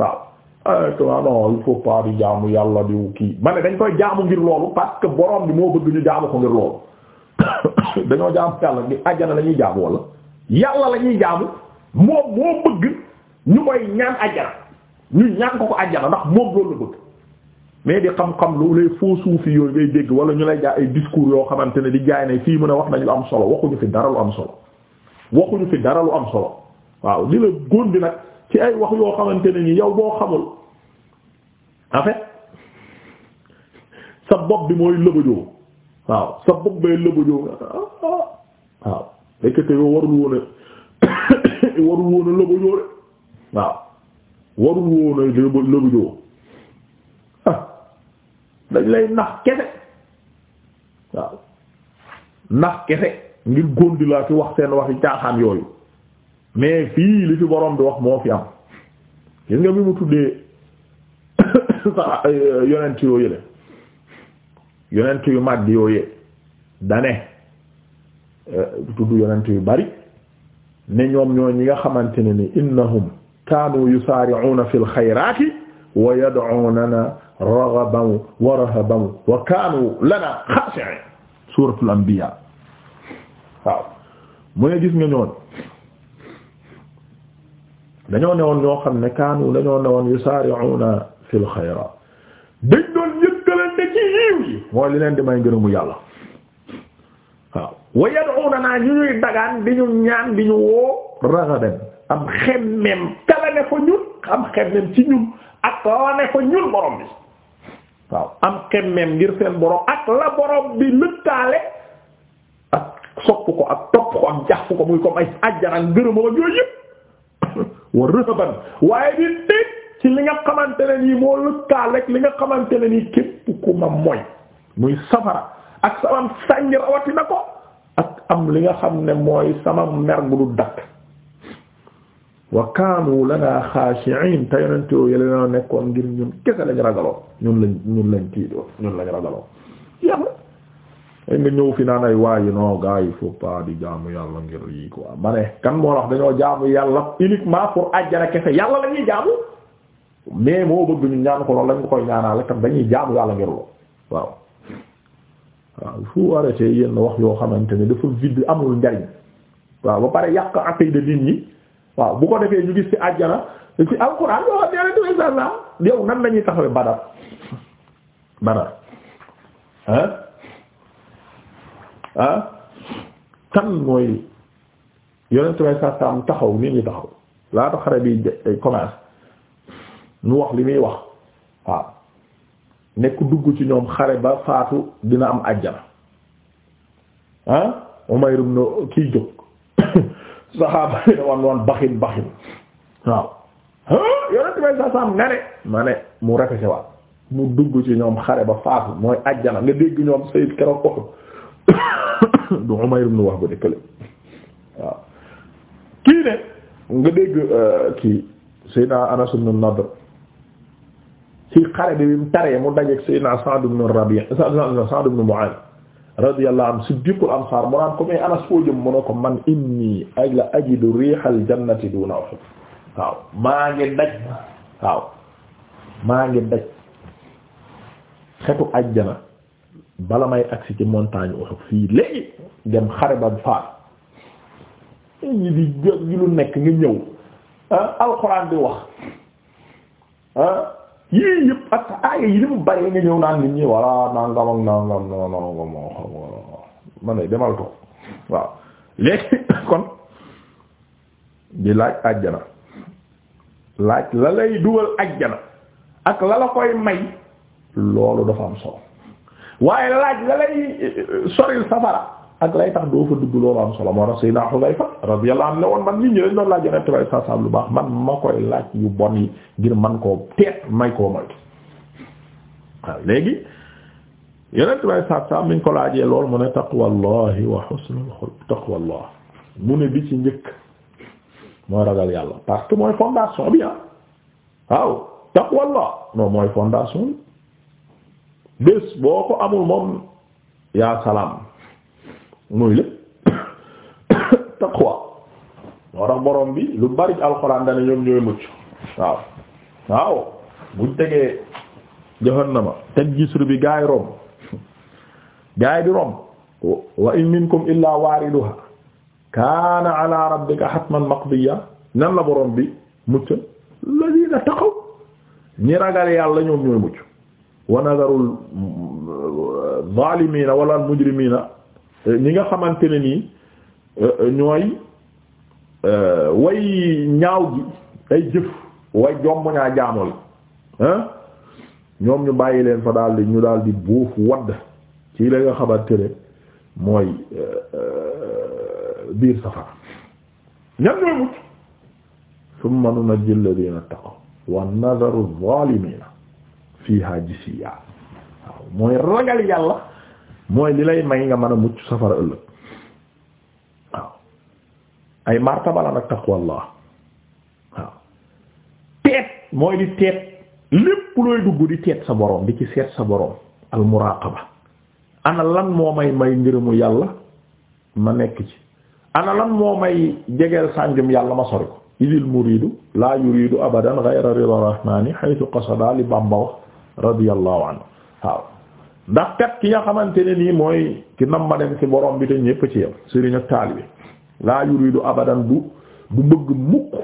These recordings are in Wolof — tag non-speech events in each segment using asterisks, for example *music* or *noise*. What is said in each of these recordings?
waaw ay eh, toi non il faut pas di jaamu yàlla di kii ma ne dañ koy jaamu ngir loolu parce que borom bi moo bëgg ñu jaamu ko ngir loolu *coughs* dañoo jaamu yàlla di ajjana la ñuy jaamu wala yàlla la ñuy jaamu moom moo bëgg ñu koy ñaan ajjana ñu ñaan ko ko ajjana ndax moom loolu bëgg mais di xam-xam lu lay faux soufi yooyu ngay dégg wala ñu lay jaa ay discours yoo xamante ne di jaay ne fii mën a wax nañ am solo waxuñu fi dara lu am solo waxuñu fi dara lu am solo waaw li la góor bi nag ci ay wax yoo xamante ne ni yow boo xamul en fait sa bopp bi mooy lëbëjoo waaw sa bopp bee lëbëjoo waaw lékkate yoo *coughs* warul woon a lëbëjoo de waaw warul woon a lëbëjoo ah, dañ lay nax kese waaw nax kese ngir góndi laa ci wax seen waxi caaxaan yooyu mais fii li fi borom bi wax moo fi am gis nga bi mu tuddee *coughs* sax euh, yonent yoo yële yonent yu mag yooyee dane euh, tudd yonent yu bari ne ñoom ñoo ñi nga xamante ne ni innahum kaanu yusaari'uuna fil xayraati wa yad'uunana raghaban wa rahaban wa kaanu lana xaashi'iin suuratul anbiyaa waaw mu ne gis nga ñoon dañoo newoon ñoo xam ne kaanu dañoo newoon yusaari'una fil xayraat dañ doon yëkkalante ci ne fa ñun am xemmem ak la ne fa ñun borom bi ak la borom bi lëkkaale ak sopp ko ak topp ko ak jax ko muy comme ay ajjara ngërëma ak yooyu yëpp wa rëhaban waaye di dég ci li nga xamante ne nii moo lëkkaa rek li nga xamante ne nii képp ku ma moy muy safara ak sama sànj rawati ko ak am li nga xam ne mooy sama mer gu du dakk wa kaanu lana xaashi'in te yonent yooyu la nekkoon ngir ñun kese lañ ragaloon ñun lañ ñun lañ tiitoon ñun lañ ragaloo nga ñëw fi naan ay waayi non gars yi faut di jaamu yàlla ngir yi quoi ma ne kan moo wax dañoo jaamu yàlla uniquement pour àjjana kese yàlla la jaamu mais moo bëgg ñu ñaan ko loolu lañ ko koy ñaanal tam dañuy jaamu yàlla ngir lool waaw waaw il faut arrêter wax yoo xamante ne dafa vide amul njariñ waaw ba pare yàq accueil de nit ñi waaw bu ko defee ñu gis ci àjjana ci alxuraan yoo xam nan la taxawee badar badar ah kan mooy yonent may sa saam taxaw nit ñi taxaw laata xare bi eh, commence nu wax li muy wax waaw nekk dugg ci ñoom xare ba faatu dina am àjjana ah Umayr ibn kii jóg *coughs* saxaaba yi wan ah, nga ne ma ne mu rafet waat mu dugg ci ñoom xare ba faatu mooy àjjana nga dégg ñoom sayid keroog *coughs* du Umayr ibn Wahb de kële waaw kii ne nga dégg euh, kii Seydina Anas ibn Nadr ci xare bi bi mu taree mu dajeek Seydina Sa'd ibn Rabi' Sa'd ibn Mu'adh radiyallahu anhu siddiqul ansaar mu naan ko mais Anas foo jëm mu ne ko man inni la ajidu riihal jannati duuna Uhud waaw maa ngi daj waaw maa ngi daj xetu ajjana bala may agsi ci montagne Uhud fii léegi dem xare ba faat ñi di gi lu nekk nga ñëw ah, alxuraan bi wax ah, yii yëpp ak aaya yi li mu bëree nga ñëw naan nit ñi walla nangam ak nangam nangam moo xam man ne demal toog waaw léegi *laughs* kon di laaj àjjana laaj la lay dugal àjjana ak la la koy may loolu dafa am solo waaye laaj la lay eh, eh, soril safara ak lay tax doo fa dugg loolu am solo moo tax Seydina Xudayfa radiyallahu anhu woon man nit ñi dañ laaj yonent bay saa saam lu baax man ma koy laaj yu bon yi ngir man koo teet may koo moytu waaw léegi yonent bay saa saam mi ñu ko laajee lool mu ne taqwallahi wa husnul xuluq taqwallah mu ne bi ci njëkk mooy ragal yàlla parce que mooy fondation bi ah waaw taqwallah non mooy fondation bi bés boo ko amul moom yaa salaam mooy lépp *coughs* taqwa moo tax borom bi lu bari alxuraan dana ñoom ñooy mucc waaw waaw buñ tegee jahannama teg gisru bi gaay romb gaay bi romb wa in minkum illa waariduha kaana ala rabbika hatman maqdiya nan la borom bi mucc ladina taqaw ñi ragal yàlla ñoom ñooy mucc wa nadarul euh, zaalimiina wala mujrimiina ñi nga xamante ne nii euh, ñooy euh, way ñaaw gi ay jëf way jomb ñaa jaamol ah ñoom ñu bàyyi leen fa daal di ñu daal di buuf wadd ci la nga xamante ne mooy biir safara ñan ñooy mucc summa nunajjil ladina taqaw wa nadaru zaalimiina fiiha jisiya waaw mooy ragal yàlla mooy li lay may nga mën a mucc safara ëllëg waaw ay martaba la nag taqwallah waaw teet mooy di teet lépp looy dugg di teet sa boroom di ci seet sa boroom al muraqaba ana lan moo may may ngërëmu yàlla ma nekk ci ana moo may jegeel sànjum yàlla ma sori ko idil muridu la yuridu abadan ghayra rida rahmani haythu qasada li bamba wax radiyallahu anhu waaw ndax kat ki nga xamante ne nii mooy ki nam ma dem ci bi te ñépp ci yow sëriñ ak taalibe laa yuridu abadan du du bëgg mukk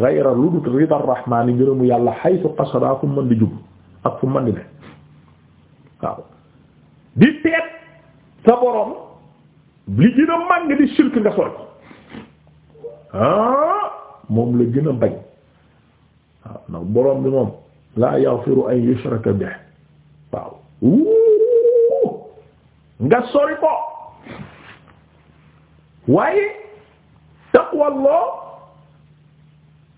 gayra lu dut rida rahmaani ngërëmu yàlla xaytu qasada fu mën di jub ak fu mën di ne ah moom la gën a bañ waaw ndax borom bi moom laa yaghfiru an yushraka bih waaw nga sori ko waaye taqwallah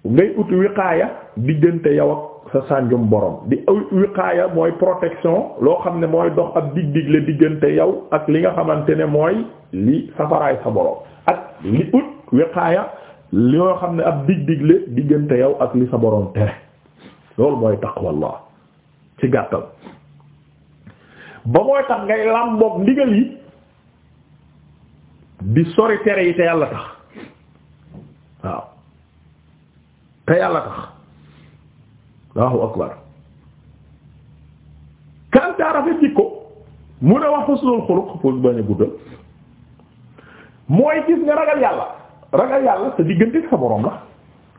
ngay ut wiqaaya diggante yow ak sa sànjum borom di wiqaaya mooy protection loo xam ne mooy dox ab dig dig la diggante yow ak li nga xamante ne mooy li safaraay sa borom ak li ut wiqaaya loo xam ne ab dig dig la diggante yow ak li sa borom tere loolu mooy taqwallah ci gàttal ba mooy tax ngay làmboog ndigal yi di sori tere yi te yàlla tax waaw te yàlla tax Allahu akbar kanta rafet jikko mu ne wax husnul xuluq pour bañ a guddal mooy gis nga ragal yàlla ragal yàlla sa diggante sa borom la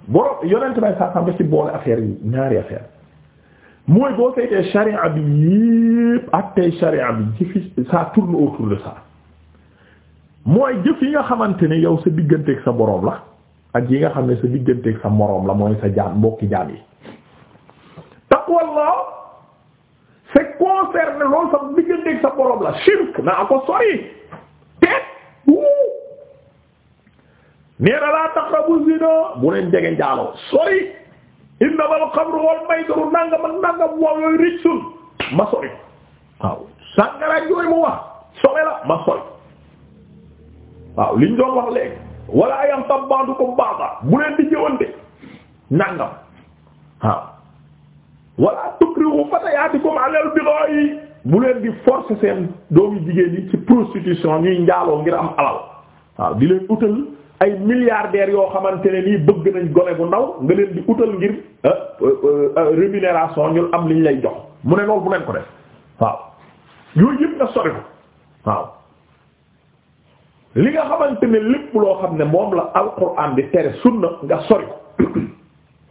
boro yonent bay saasam da ci boole affaire yi ñaari affaire mooy boo seetee charia bi yépp ak tey charia bi jëf yi nga xamante ni yow sa digganteeg sa boroom la ak yi nga xam ne sa digganteeg sa moroom la mooy sa jaam mbokki jaam yi taqwallah c'est concerné loolu sa digganteeg sa boroom la shirk naa ko sori teet nee na laa taqrabu zina bu leen jege njaaloo sori innamal xamru wal maysiru nangam ak nangam waaw yooyu rijsun ma sori waaw sàngara yooyu mu wax sobe la ma sori waaw liñ doon wax léegi wala yantab ba'dukum ba'dan bu leen di jëwante nangam waaw wala tukrihu fatayaatikum alal bighaa'i bu leen di forcer seen doomu jigéen yi ci prostitution ñuy njaaloo ngir am alal waaw di leen utal ay milliardaires yoo xamante ne nii bëgg nañ gone bu ndaw nga leen di utal ngir ah, euh, euh, rémunération ñun am liñ lay jox mu ne loolu bu leen ko def waaw yooyu yëpp nga sori ko waaw li nga xamante ne lépp loo xam ne moom la alquran di tere sunna nga sori ko *coughs*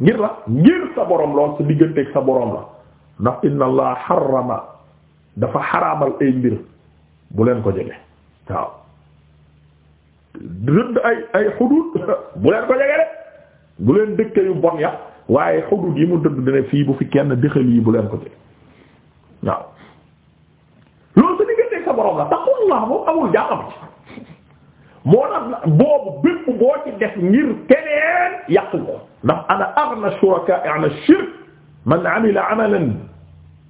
ngir la ngir sa borom lool sa digganteeg sa borom la ndax inna allah xarama dafa xaraamal ay mbir bu leen ko jege rëdd ay ay xudud *laughs* bu leen ko jege de bu leen dëkk yu bon ya waaye xudud yi mu dëdd dina fii bu fi kenn dëxal yi bu leen ko jege waaw loolu sa digganteeg sa borom la taqullah moom amul jaaxam ci moo tax boobu bépp boo ci def ngir keneen yàq ko ndax ana aghna shuraka an ash-shirk man amila amalan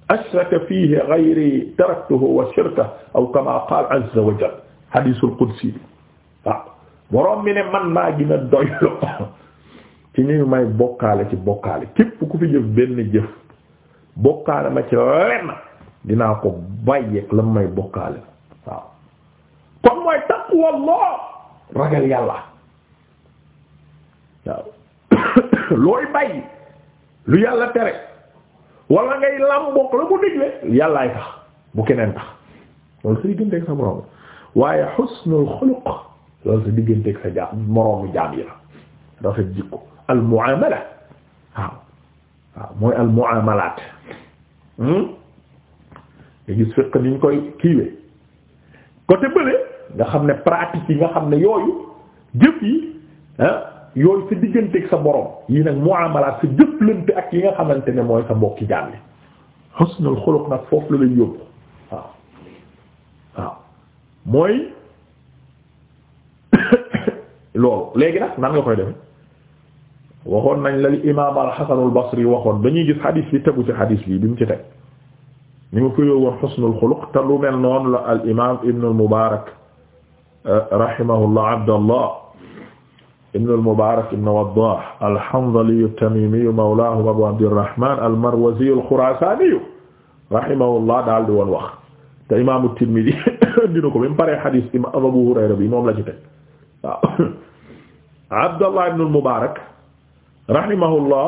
ashraka fihi ghayri taraktuhu wa shirkahu aw kama qala azza wa jalla hadithul qudsi borom bi ne man maa gën a doylu *laughs* ci ñuy may bokkaale ci bokkaale képp ku fi jëf benn jëf bokkaale ma ci lenn dinaa ko bàyyeeg la may bokkaale waaw kon mooy taqwallah ragal yàlla waaw *coughs* looy bàyyi lu yàlla tere wala ngay lam la mu digle yàllaay tax bu keneen tax loolu say gën deg sa borom waaye xusnul xuluq loolu sa digganteeg sa jaam moroomu jaam yi la rafet jikko al muamala waaw waaw mooy al muamalaat hmm? nga gis koy kiiwee côté xam ne pratique yi nga xam ne yooyu jëf yi ah, yooyu sa digganteeg sa borom yi nag muamalaat sa jëflante ak yi nga xamante ne mooy sa mbokki jaam yi husnul xuluq nag foofu la lay yóbbu waaw waaw mooy loolu léegi nag nan nga koy def waxoon nañ la li imaam al-Hasan al-Basri waxoon dañuy gis xadiis bi tegu ci xadiis bi bi mu ci teg ni mu ko yóbbu woon xusnul xuluq te lu mel la al imaam Ibn al-Mubaarak eh, rahimahullah Abdallah Ibn al-Mubaarak ibn Waddaah al-Hanzali at-Tamimi mawlaahum Abu Abdirrahmaan al-Marwazi al-Khuraasaani rahimahullah daal di woon wax te imaamu Tirmidi *coughs* dina ko ba mu paree xadiis imaam moom la ci waaw *coughs* abdallah ibn al-Mubarak rahimahullah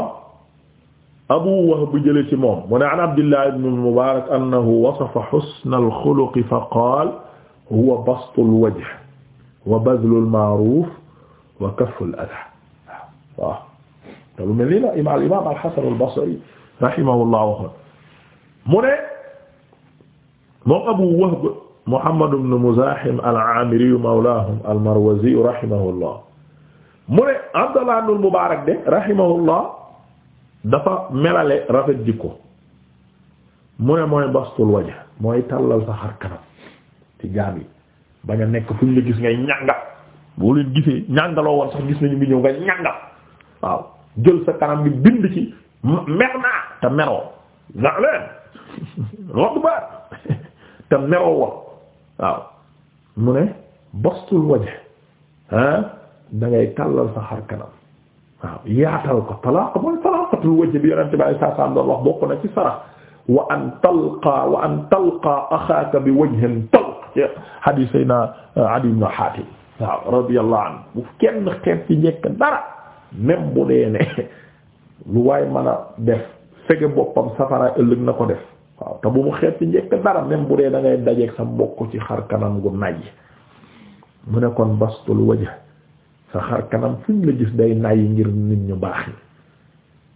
abu wahb jële ci moom mu ne an abdillah ibn al-Mubarak annahu wasafa husna al-xuluqi fa qaal huwa bastu al-wajh wa badlu al-ma'ruf wa kaffu al-adha waaw te lu mel nii la imaam imaam al-Hasan al-Basri rahimahullah waxoon mu ne moom abu wahb Muhammad ibn Muzahim al-Amiri mawlaahum al-Marwazi mu ne Abdallah ibn Mubarak de rahimahullah dafa melale rafet jikko mu ne mooy bastul waja mooy tàllal sa xar ci jaam yi bañ a nekk fu ñu la gis ngay ñànga boo leen gisee ñàngaloo woon sax gis nañu ngi ñëw nga ñànga waaw jël sa kanam bi bind ci mer naa te meroo meroo woon waaw mu ne bastul wajh ah da ngay tàllal sa xar kanam waaw yaatal ko talaaq mooy talaaqatul wajh bi yonente bi alei saa salaam doon wax bokk na ci sarax wa an talqaa wa an talqaa axaaka bi wajhin talq hadiis sayna Adiy ibn Haatim waaw radiyallahu anhu bu kenn xeet ci njëkk dara même bu dee ne *laughs* lu waay mën a def fege boppam safara ëllëg na ko def waaw te bu mu xeet ci njëkk dara même bu dee da ngay sa mbokk ci xar kanam gu najj mu ne kon bastul wajh sa xar kanam fu ñu la gis day najj ngir nit ñu baax yi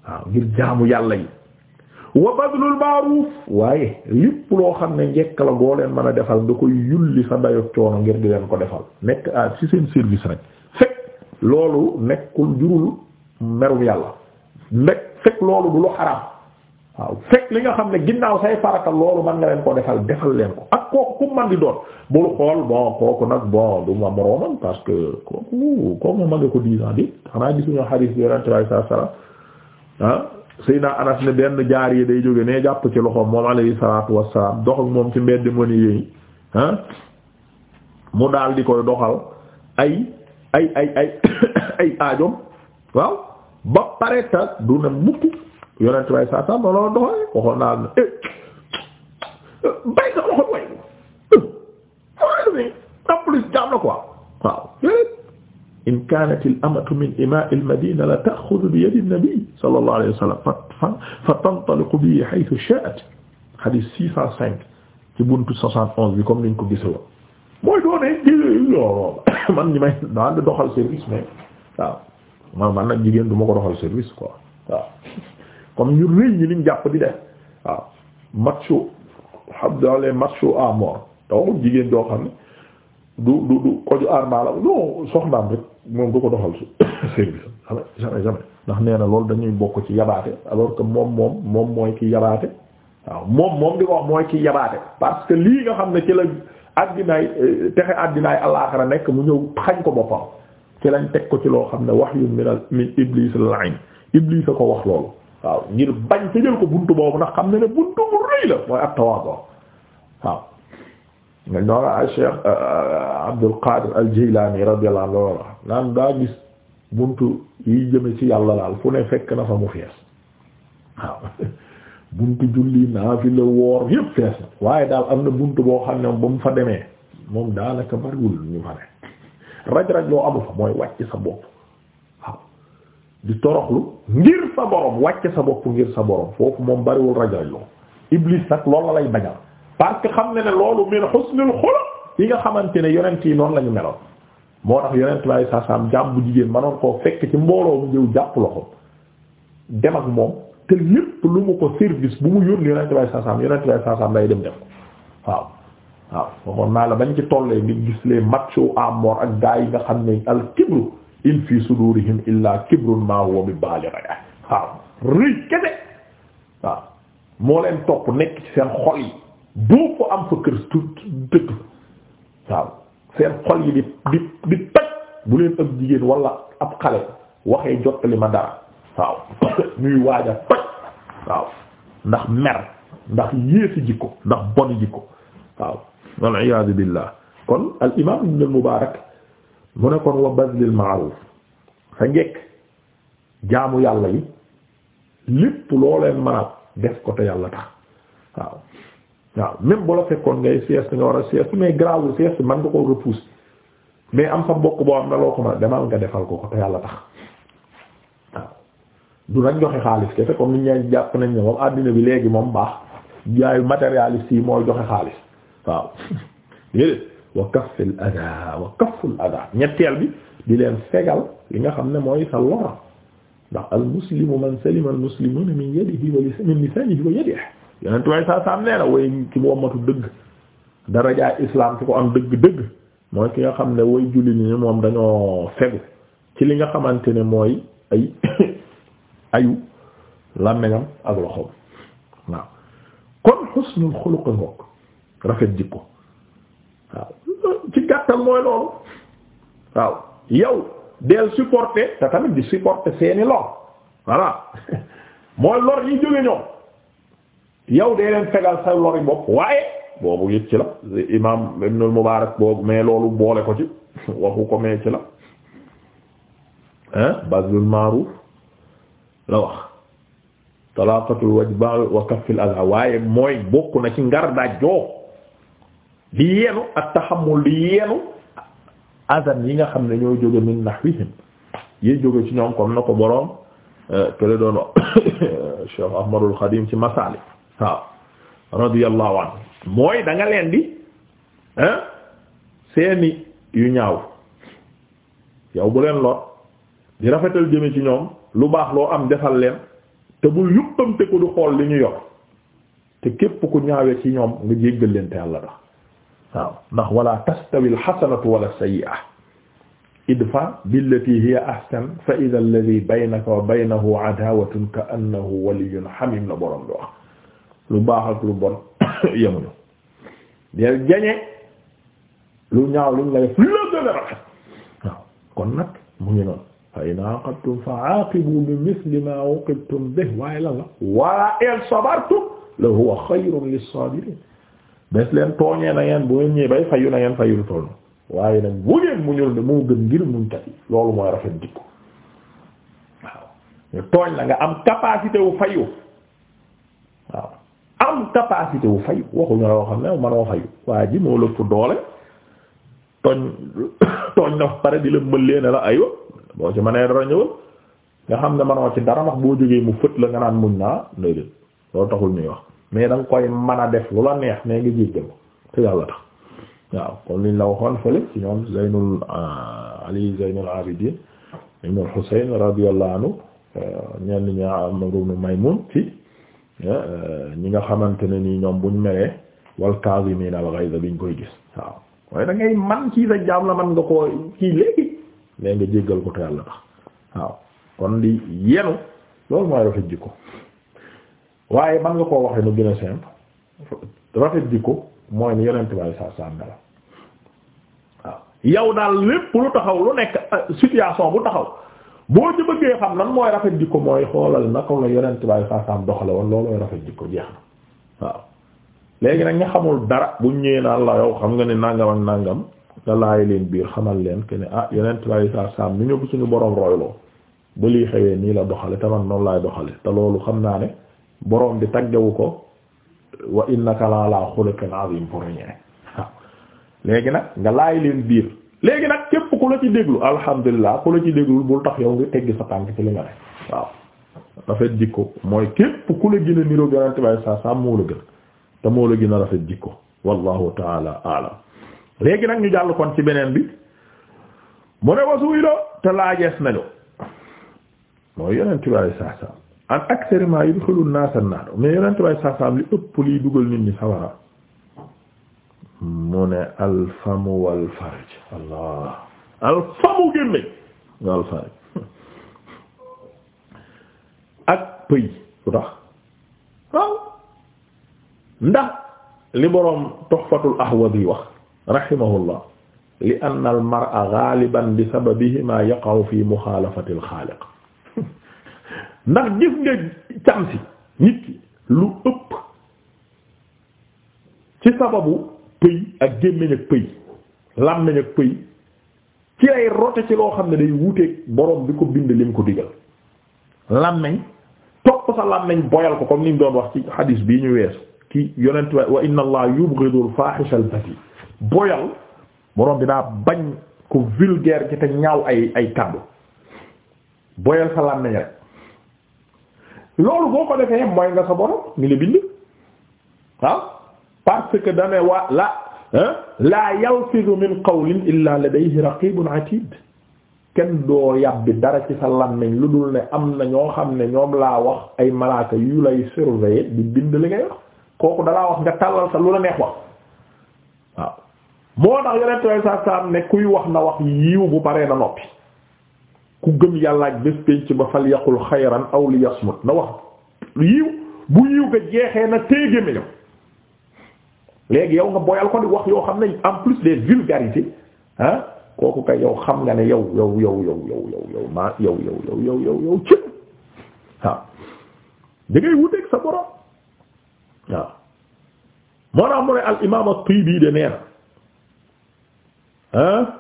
waaw ngir jaamu yàlla yi wa badlul ma'ruf waaye lépp loo xam ne njëkk la goo leen mën a defal nga koy yulli sa dayoog coono ngir di leen ko defal nekk ah ci seen service rek fekk loolu nekkul jurul merum yàlla nekk fekk loolu du lu xaraam waaw fekk li nga xam ne ginnaaw say farata loolu man nga leen ko defal defal leen ko ak kooku ku man di doon bul xool bon kooku nag bon du ma moroomam parce que kooku kooku ma mag ko dix ans di xanaa gisuñu xadiis bi yonent bi saa sala ah Anas ne benn jaar yi day jóge ne jàpp ci loxoom moom alayhi salaatu wassalaam dox ak moom ci mbedd mën yéey ah, mu daal di koy doxal ay ay ay ay *coughs* ay aajom waaw ba pare du ne mukk yonent bay saa saa looloo doxalee waxoon naa la eh bay sa loxo way en plus jaam la quoi waaw in kaanat al amatu min imaa'i al madina la ta'khudhu bi yadi an-nabi sallallahu alayhi wa sallam fa tantaliqu bihi haythu sha'at hadith six cent cinq ci buntu soixante onze bi comme niñ ko gisewoon mooy doonee jël *coughs* *coughs* man ñi may daan doxal service mais waaw man man nag jigéen du ma ko doxal service quoi waaw comme ñu rëy ñi liñ jàpp di def waaw macho xabdale macho à mort te waxul jigéen joo xam ne du du du koju arma la non soxnaam rek moom du ko doxal su *coughs* service jamais jamais ndax nee na loolu dañuy bokk ci yabaate alors que moom moom moom mooy ki yabaate waaw moom moom di ko wax mooy ki yabaate parce que lii nga xam ne ci la àddinaay euh, texe àddinaay alaaxira nekk mu ñëw xañ ko boppam ci lañ teg ko ci loo xam ne wax yu min min iblis lañ iblis a ko wax loolu waaw ngir bañ tëjal ko buntu boobu ndax xam ne ne buntu bu rëy la mooy ab tawaadu waaw nga ñoo nga Cheikh euh, euh, Abdul Qadir al Jilani radiyallahu anhu loolu naan daa gis buntu yi jëme ci yàlla daal fu ne fekk na fa mu fees waaw *laughs* buntu julli naafila woor yëpp fees na waaye daal am na bunt boo xam ne ba mu fa demee moom daanaka bariwul ñu fa ne *laughs* raj raj loo amu fa mooy wàcc sa bopp di toroxlu ngir sa borom wàcce sa bopp ngir sa borom foofu moom bariwul rajraj loo iblis nag loolu la lay bañal parce que xam ne ne loolu min husnul xuluq yi nga xamante ne yonent yi noonu la ñu meloon moo tax yonent lay saasaam jaam bu jigéen manoon koo fekk ci mbooloo mu ñëw jàpp loxo dem ak moom te lépp lu mu ko service bu mu yónni yonent lay saasaam yonent lay saasaam lay dem def ko waaw waaw waxoon naa la bañ ci tollee ngi gis les machos à mort ak gaa yi nga xam ne al in fi sudurihim illa kibrun ma huwa bi baligha waaw rëy kese waaw moo leen topp nekk ci seen xol yi boo ko am fa kër tut dëkk waaw seen xol yi di di di toj bu leen ab jigéen wala ab xale waxee jottali ma dara waaw *coughs* ñuy waaj a toj waaw ndax mer ndax yéesi jikko ndax bon jikko waaw wal iyaadu billah kon al imaam ibn al mubaarak mu ne kon wa bazlil ma'ruf sa njekk jaamu yàlla yi lépp loo leen mën def ko te yàlla tax waaw waaw même bu la fekkoon ngay sieste nga war a sieste mais grawul sieste man nga ko repousser mais am sa mbokk boo am na loo ko mën a demal nga defal ko ko te yàlla tax waaw du nag joxe xaalis kese comme ni ñu jàpp nañ ne moom àddina bi léegi moom baax jaayu matérialiste yi mooy joxe xaalis waaw *laughs* wa kaffil adaa wa kafful adaa ñetteel bi di leen fegal li nga xam ne mooy sa lora ndax al muslimu man salima al muslimuna min yadihi wa min lisanihi wa yadihi yeneen tubaab saa saa am nee na way ci wommatu dëgg darajaay islam ki ko am dëgg-dëgg mooy ki nga xam ne way julli ni moom dañoo fegu ci li nga xamante ne mooy ay *coughs* ayu làmmiñam ak loxoom waaw kon xusnul xuluq rafet jikko waaw ci gàttal mooy loolu waaw yow del supporter te tamit di supporter seeni lor voilà *laughs* mooy lor yi jóge ñoom yow dee leen fegal sa lor yi bopp waaye boobu it ci la imam Ibnul Mubarak boobu mais loolu boole ko ci *laughs* waxu ko mais ci la hein bazlul ma'ruf la wax talaqatul wajba wa kaffil adha waaye mooy bokk na ci ngar daajoo di yeenu ak taxamul di yeenu azan yi nga xam ne ñoo jóge min nahwihim yi jóge ci ñoom comme na ko boroom euh, kële doon *coughs* euh, Cheikh Ahmadul Xadim ci Masalik waaw radiyallahu anhu mooy da nga leen di seeni yu ñaaw yow bu leen lot di rafetal jëme ci ñoom lu baax loo am defal leen te bul yuppamte ko du xool li ñu yor te képp ku ñaawee ci ñoom nga jéggal leen te yàlla tax waaw ndax wala tastawi alxasanatu wala sayyi'a idfa billati hiya ahsan fa idha alladhi baynaka wa baynahu adawatun ka annahu waliyyun hamim la borom bi wax lu baax ak lu bon *coughs* yemuñu del jañe lu ñaaw luñ la def la gën a rafet waaw kon nag mu ngi noonu fa in aqabtum fa aqibu bi misli ma uqibtum bihi waaye lan la wala in sabartum la huwa khayrun lis-sabirin bes leen tooñee na ngeen bu ngeen ñëwee bay fayu na ngeen fayul toll waaye nag bu mu muñul ne moo gën ngir muñ kat yi loolu mooy rafet jikko waaw ñu tooñ la nga am capacité wu fayu waaw am capacité wu fayu waxuñu la xam ne manoo fayu waa ji moo lëpp doole tooñ *coughs* tooñ na pare di la mëllee ne la aywa boo ci mënee dara ñëwal nga xam ne manoo ci dara ndax boo jógee mu fët la nga naan muñ naa ndey loolu taxul ñuy wax mais da nga koy mën a def lu la neex mais nga jéggal yàlla tax la waxoon fële ci ñoom Zeynul euh, Ali Zeynul euh, euh, ñi nga xamante ne nii ñoom buñ meree wal kaazimiina al ghayz biñ koy gis waaw la nga koo nga jéggal ko te yàlla tax waaw kon di yenu loolu mooy rafet jikko waaye man nga koo waxee nu gën a simple rafet jikko mooy ni yonent saa saa mel waaw daal lépp lu taxaw lu nekk euh, situation bu taxaw boo ci bëggee xam nan mooy rafet jikko mooy xoolal naka la yonent bi saa saa doxale woon loolooy rafet jikko jeex na waaw léegi nag nga xamul dara bu ñëwee naan la yow xam nga ne nangam ak nangam nga laaj leen biir xamal leen que ne ah yonent bi saa saa mi ñëw suñu borom royloo ba lii xewee nii la doxale te man laay doxale loolu xam naa ne. borom bi taggewu ko wa innaka la ala xuluqin azim pour rien waaw léegi nag nga laay leen biir léegi nag képp ku la alhamdulilah ku ci déglul bul tax yow nga teggi sa tànk mooy képp ku la gën te moo la gën rafet jikko wallahu taala nag ñu jàll ci beneen bi mu ne wasu ilo te laajees nañu mooy yonente bay sa sam an aktariment yudxulu naasa naar mais yonent bay saasaam li ëpp liy dugal nit ñi sawara mu ne alfamu wal farj allah alfamu gémmiñ wal farj ak pëy lu tax waaw ndax li boroom tuhfatul ahwadi wax rahimahullah li anna al mar'a ghaliban bi sababihima yaqa'u fi muxaalafatil xaaliq ndax jëf nga cam si nit lu ëpp ci sababu pëy ak gémmiñ ak pëy làmmiñ ak pëy ci lay rote ci loo xam ne day wuteeg borom bi ko bind lim ko digal làmmiñ topp sa làmmiñ boyal ko comme ni doon wax ci hadis bii ñu weesu ki yonent wa inna allah yubghidu al-fahisha al-bati boyal borom bi daa bañ ko vulgaire ci te ñaaw ay ay kàddu boyal sa làmmiñ rek loolu boo ko defee mooy nga sa borom mi la bind waaw parce que dane waa la la yalfidu min qawlin illa ladayhi raqibun atid kenn doo yàbbi dara ci sa làmmiñ lu dul ne am na ñoo xam ne ñoom laa wax ay malaaka yu lay surveiller di bind li ngay wax kooku dalaa wax nga tàllal sa lu la neex wax waaw moo tax yonent way sa saam ne kuy wax na wax yiw bu paree na noppi ku gëm yàlla ak bés penc ba fal yaqul xayran aw li yasmut na wax yiw bu yiw nga jeexee na téye gémmiñam léegi yow nga boyal ko di wax yoo xam nañ en plus des vulgarités ah kooku kay yow xam nga ne yow yow yow yow yow yow yow maa yow yow yow yow yow ngay wuteeg sa borom waaw moo naa mu ne al imam at-Tibi de nee na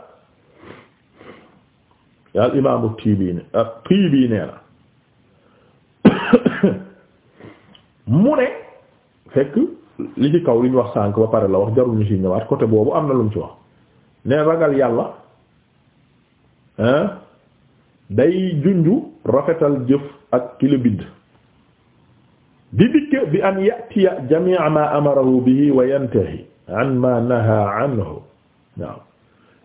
al imaamu tiibi ak euh, tiibi mu ne fekk li ci kaw li ñu wax sànk ba pare la wax jarul ñu ci ñëwaat côté boobu am na lu mu ci wax ne ragal yàlla day junju rafetal jëf ak ki la bind di bi an yatiya jami'a ma amarahu bihi wa yantahi an ma naha anhu waaw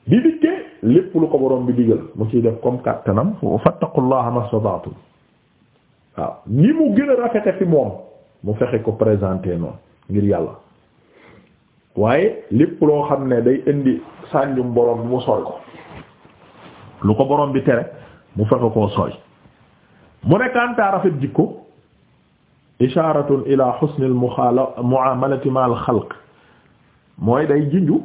di dikke lépp lu ko borom bi digal mu ciy def comme kàttanam fattaqullaha mastata'tum waaw ni mu gën a rafete fi moom mu fexe ko présenter noonu ngir yàlla waaye lépp loo xam ne day indi sànjum borom bi mu sooy ko lu ko borom bi tere mu fexe ko sooy mu ne kàntaa rafet jikko isharatun ila husnil muamalati ma al mooy day jinju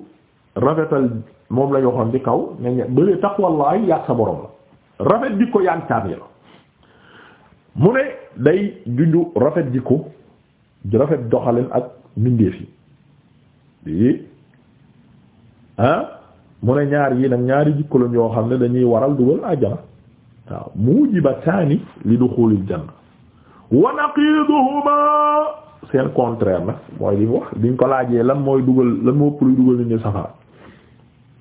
rafetal moom la ñu di kaw ne bële taqwallahi yàq sa borom la rafet jikko yaa ngi caabi la mu ne day junju rafet jikko rafet doxalin ak mbindeef yi ah mu ne ñaar yi nag ñaari jikko lañ yoo xam ne dañuy waral dugal àjjana waaw mujibataani li duxulil janna seen contraire nag mooy li mu wax biñ ko laajee lan mooy dugal lan moo ëpp luy dugal nit ñi safara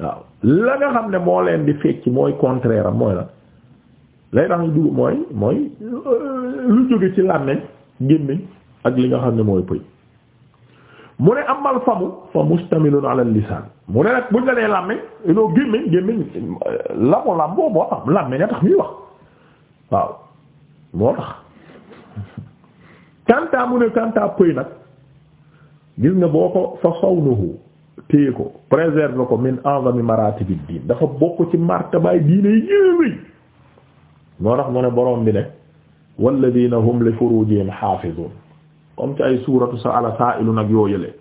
waaw la nga xam ne moo leen di fecc mooy contraire am mooy la lay tax ñu mooy mooy euh, lu jóge ci làmmeñ gémmiñ ak li nga xam ne mooy pëy mu ne amal famu fa mustamilun ala lisaan mu ne nag buñ la nee làmmeñ loo gémmiñ gémmiñ euh, la làm boo moo tax làmmeñ a tax wax waaw moo tax kanta *laughs* mu ne kanta pëy nag gis nga boo ko fa sawnuhu téye ko préserver ko min a'zami maratib ad-din dafa bokk ci martabaay diine yéewéy moo tax mu ne borom bi ne walladina hum li furujihim hafizun comme ci ay suuratu sa'ala sa'ilun ak yoo yële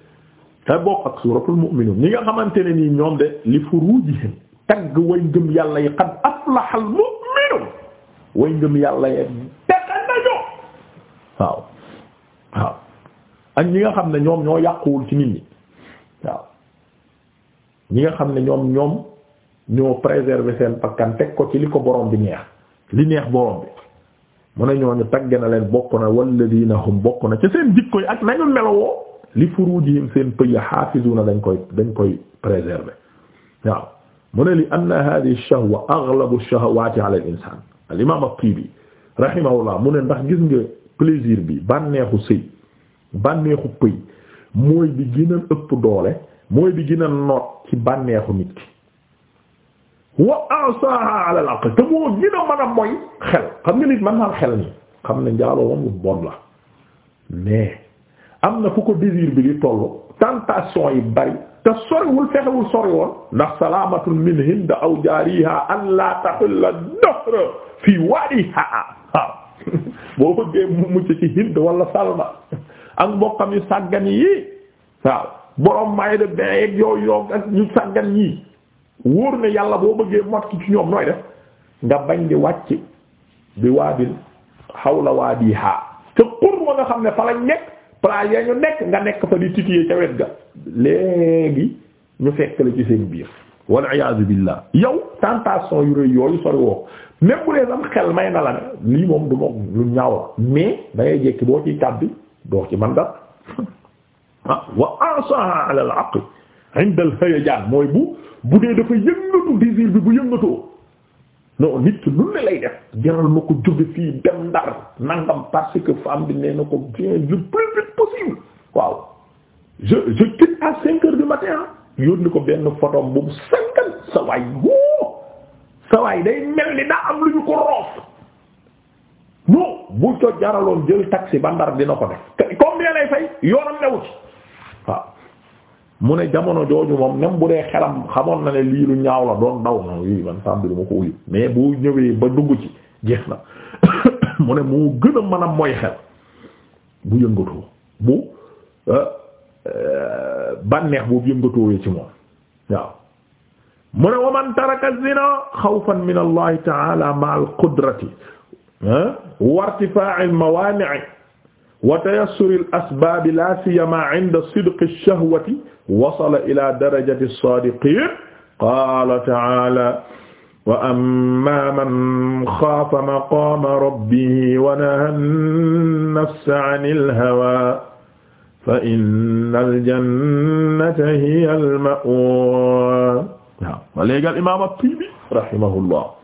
te bokk ak suuratul mu'minun ñi nga xamante ne nii ñoom de li furujihim tagg way ngëm yàlla yi qad aflahal mu'minun way ngëm yàlla yi texe nañu waaw waaw ak ñi nga xam ne ñoom ñoo yàquwul ci nit ñi ñi nga xam ne ñoom ñoom ñoo préserver seen bakkan teg ko ci li ko boroom bi neex li neex borom bi mu ne ñooñu tagge na leen bokk na walladina hum bokk na ci seen jikko yi ak nañu melowoo li furujihim seen pëy xaafisuuna dañ koy dañ koy préserver waaw mu ne li anna hadhihi shahwa aghlabu shahawati ala al insan al imam at-Tibi rahimahullah mu ne ndax gis nga plaisir bi bànneexu sëy bànneexu pëy mooy bi gën ëpp doole mooy bi gën a noot ci bànneexu nit ki wa asaha ala al aql te moo gën a a mooy xel xam nga nit mën naan xel nii xam ne njaaloo moom lu bon la mais am na fu ko désir bi di tollu tentation yi bari te soriwul fexewul sori woon ndax salaamatun min hind aw jaariha an la taxilla doxra fii waariha waaw *laughs* boo bëggee mu mucc ci hind wala salma ak mbokkam yu sàggan yi waaw borom may de benn yow yow ak ñu sàggan ñii wóor ne yàlla boo bëggee mot ki ci ñoom nooy def nga bañ di wàcc bi waabil xawla waadiha te xur wa nga xam ne fa lañ nekk place ya ñu nekk nga nekk fa di titiyee ca wet ga léegi ñu fekk la ci seen biir wal iyaazu billah yow tentation yu rëy yooyu sori woo même bu dee sam xel may na la ne lii moom du ma lu ñaaw la mais da ngay jekki boo ciy tàbbi doo ci man dara ah wa asaha ala al mooy bu bu dee dafa yëngatu désir bi bu yëngatoo non nit ki nun lay def jaral ma ko jóge fii dem ndar nangam parce que femme bi nee na ko bien le plus vite possible waaw je je quitte à cinq heures du matin yónni ko benn photo bu mu sangal sa waay woo sa day mel ni daa am lu ñu ko roof non bu jaraloon jël taxi ba ndar dina ko def combien lay fay yoonam newu ci waaw mu ne jamono jooju moom même bu dee xelam xamoon na ne lii lu ñaaw la doon daw na yi man lu ma ko uyu mais bu ñëwee ba dugg ci jeex na *coughs* mu ne moo gën a mën mooy xel bu yëngatoo bu euh, euh, bànneex boobu yëngatoowee ci moom waaw mu ne wa man taraka zina xawfan min allahi taala ma al qudrati wa irtifaa al mawaani' wa tayassuri al-asbaab laa siyamaa inda sidqi ash-shahwati wasala ilaa darajati as-saadiqiin qaala ta'aalaa wa ammaa man xaafa maqaama rabbihi wa nahaa an-nafsa 'ani al-hawaa fa inna al-jannata hiya al-ma'waa. Waaw, léegi al-imaam at-Tiibi rahimahullah